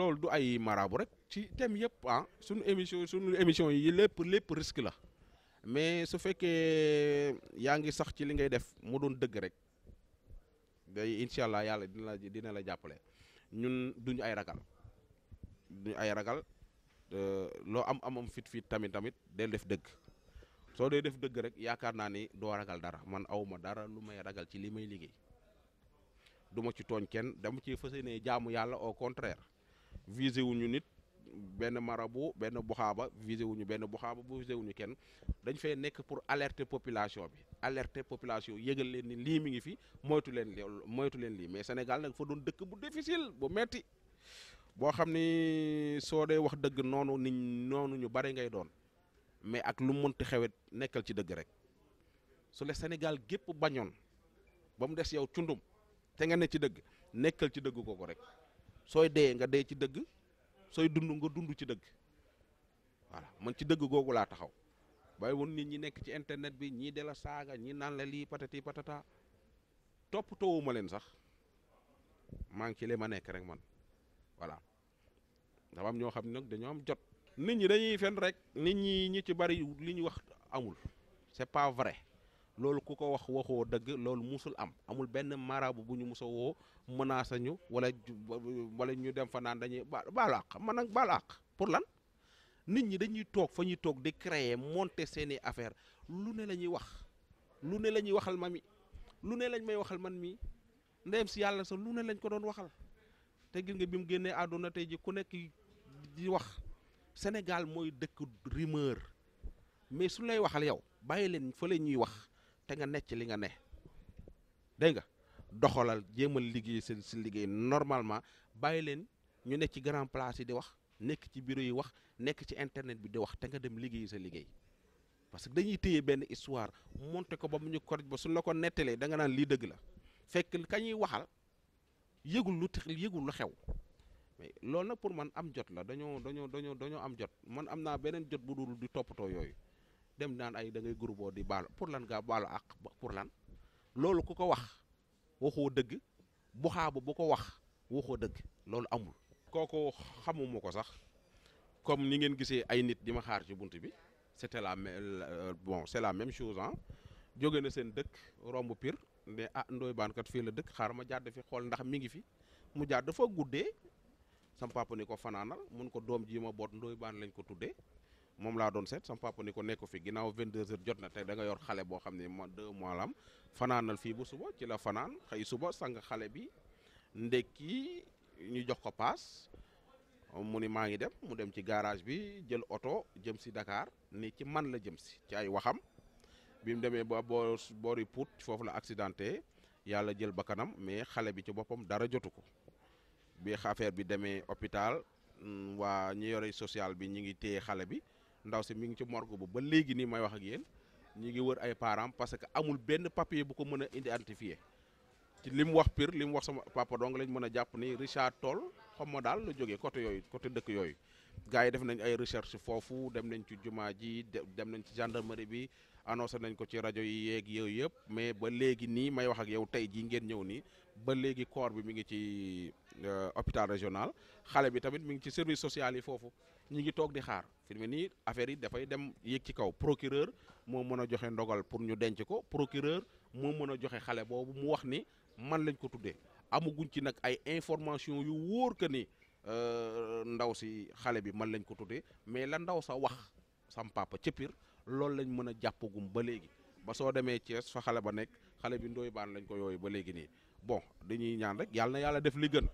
loolu du ay marabu rek ci thème yëpp ah suñu émission suñu émission yi lépp lépp risque la mais su fekkee yaa ngi sax ci li ngay def mu doon dëgg rek day incha allah yàlla dina la dina la jàppale ñun duñu ay ragal duñu ay ragal euh, loo am amam fit fit tamit tamit del def dëgg soo dee def dëgg rek yaakaar naa ni doo ragal dara man awuma dara lu may ragal ci li may liggéey duma ci tooñ kenn dama ci fas yéene jaamu yàlla au contraire visé wuñu nit benn marabu benn buxaaba visé wuñu benn buxaaba bu visé wuñu kenn dañ fay nekk pour alerter population bi alerte population yëgal leen ni lii mi ngi fi moytu leen moytu leen lii mais Sénégal nag fa doon dëkk bu difficile bu metti boo xam ni soo dee wax dëgg noonu nit noonu ñu bari ngay doon mais ak lu mënti xewet nekkal ci dëgg rek su Sénégal gépp bañoon ba mu des yow cundum te nga ne ci dëgg nekkal ci dëgg kooku rek sooy dee nga dee ci dëgg sooy dund nga dund ci dëgg voilà man ci dëgg googu laa taxaw bàyyi wun nit ñi nekk ci internet bi ñii de la saaga ñii naan la lii patati patata topp towuma leen sax maa ci li ma nekk rek man voilà dafa am ñoo xam ne nag dañoo am jot nit ñi dañuy fen rek nit ñi ñi ci bari li ñu wax amul c'est pas vrai loolu ku ko wax waxoo dëgg loolu musul am amul benn marabu bu ñu musa woo menace ñu wala wala ñu dem fa naan dañuy baal àq man nag baal àq pour lan nit ñi dañuy toog fa ñuy toog di créer monter seeni affaire lu ne la ñuy wax lu ne la ñuy waxal ma mi lu ne lañ may waxal man mii ndeyam si yàlla sa lu ne lañ ko doon waxal te gis nga bi mu génnee àdduna tey ji ku nekk di wax Sénégal mooy dëkk rumeur mais su lay waxal yow bàyyi leen fa la ñuy wax te nga nekk ci li nga ne dégg nga doxalal jéemal liggéey seen seen liggéey normalement bàyyi leen ñu nekk ci grand place yi di wax nekk ci bureau yi wax nekk ci internet bi di wax te nga dem liggéey sa liggéey parce que dañuy téye benn histoire monté ko ba mu ñu korij ba su la ko nettalee da nga naan lii dëgg la fekk ka ñuy waxal yëgul lu tax yëgul lu xew mais loolu nag pour man am jot la dañoo dañoo dañoo dañoo am jot man am naa beneen jot bu dul toppatoo yooyu dem naan ay da ngay groupoo di baalu pour lan gaa baalu ak pour lan loolu ko ko wax waxoo dëgg bu xaaba bu ko wax waxoo dëgg loolu amul. kooku xamuma ko sax comme ni ngeen gisee ay nit di ma xaar ci bunt bi c'était la euh, bon c'est la même chose ah jóge na seen dëkk romb piir ne ah Ndoye baankat kat fii la dëkk xaar ma jàdd fi xool ndax mi ngi fi mu jàdd dafa guddee sam papa ni ko fanaanal mun ko doom ji ma boot Ndoye baan lañ ko tuddee. moom laa doon seet sama papa ni ko nekk fi ginnaaw 22 heures jot na tey da nga yor xale boo xam ne ma deux mois am fanaanal fii bu suba ci la fanaan xëy suba sang xale bi ndekki ñu jox ko paas mu ni maa ngi dem mu dem ci garage bi jël oto jëm si Dakar ni ci man la jëm si ci ay waxam bi mu demee ba boo boori Pout foofu la accidente yàlla jël bakkanam mais xale bi ci boppam dara jotu ko bi affaire bi demee hôpital waa ñi yore social bi ñu ngi téye xale bi. ndaw si mi ngi ci morgue ba ba léegi nii may wax ak yéen ñi ngi wër ay parents parce que amul benn papier bu ko mën a identifier ci li mu wax Pire li mu wax sama papa dong lañ mën a jàpp ni Richard tool xam ma daal lu jógee côté yooyu côté dëkk yooyu gars yi def nañ ay recherche foofu dem nañ ci jumaa ji dem nañ ci gendarmerie bi annoncé nañ ko ci rajo yi yeeg yooyu yëpp mais ba léegi nii may wax ak yow tey jii ngeen ñëw nii ba léegi corps bi mi ngi ci euh, hôpital régional xale bi tamit mu ngi ci service social yi foofu ñu ngi toog di xaar fi mu nii affaire yi dafay dem yéeg ci kaw procureur moo mën a joxe ndogal pour ñu denc ko procureur moo mën a joxe xale boobu mu wax ni man lañ ko tuddee amaguñ ci nag ay information yu wóor que ni. Euh, ndaw si xale bi man lañ ko tuddee mais la ndaw sa wax sam papa ca pir loolu lañ mën a jàppagum ba léegi ba soo demee Thiès fa xale ba nekk xale bi ndooy baan lañ ko yooyu ba léegi nii bon dañuy ñaan rek yàlla na yàlla def li gën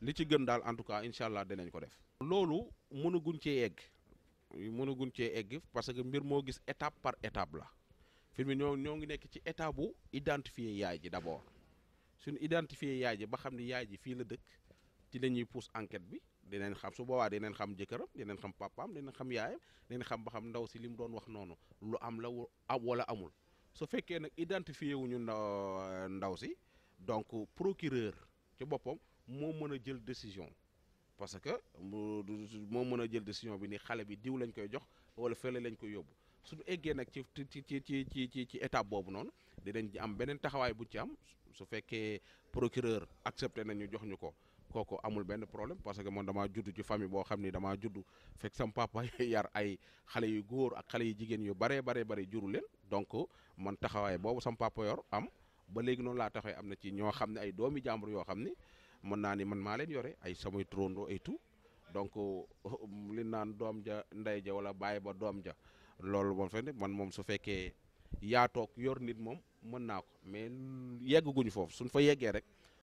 li ci gën daal en tout cas incha allah dinañ ko def. loolu mënaguñ cee egg mënaguñ cee egg parce que mbir moo gis étape par étape la fi mu ñoo ñoo ngi nekk ci étape bu identifier yaay ji d'abord suñu identifier yaay ji ba xam ni yaay ji fii la dëkk. ci la ñuy pousse enquête bi dinañ xam su boobaa dinañ xam jëkkëram dinañ xam papaam dinañ xam yaayam dinañ xam ba xam ndaw si li mu doon wax noonu lu am la wala amul su fekkee nag identifié wuñu ndaw si donc procureur ci boppam moo mën a jël décision parce que moo mën a jël décision bi ni xale bi diw lañ koy jox wala fele lañ koy yóbbu suñu eggee nag ci ci ci ci ci ci étape boobu noonu dinañ am beneen taxawaay bu ci am su fekkee procureur accepté nañu jox ñu ko kooku amul benn problème parce que man damaa judd ci famille boo xam ni damaa judd fekk sam papa yar ay xale yu góor ak xale yu jigéen yu baree baree bare juru leen donc man taxawaay boobu sam papa yor am ba léegi noonu laa taxawee am na ci ñoo xam ne ay doomi jàmbur yoo xam ni mën naa ni man maa leen yore ay samay trondo et tout donc li naan doom ja ndey ja wala bàyyi ba doom ja loolu moom fekk man moom su fekkee yaa yor nit moom mën naa ko mais yegg guñu foofu suñ fa yeggee rek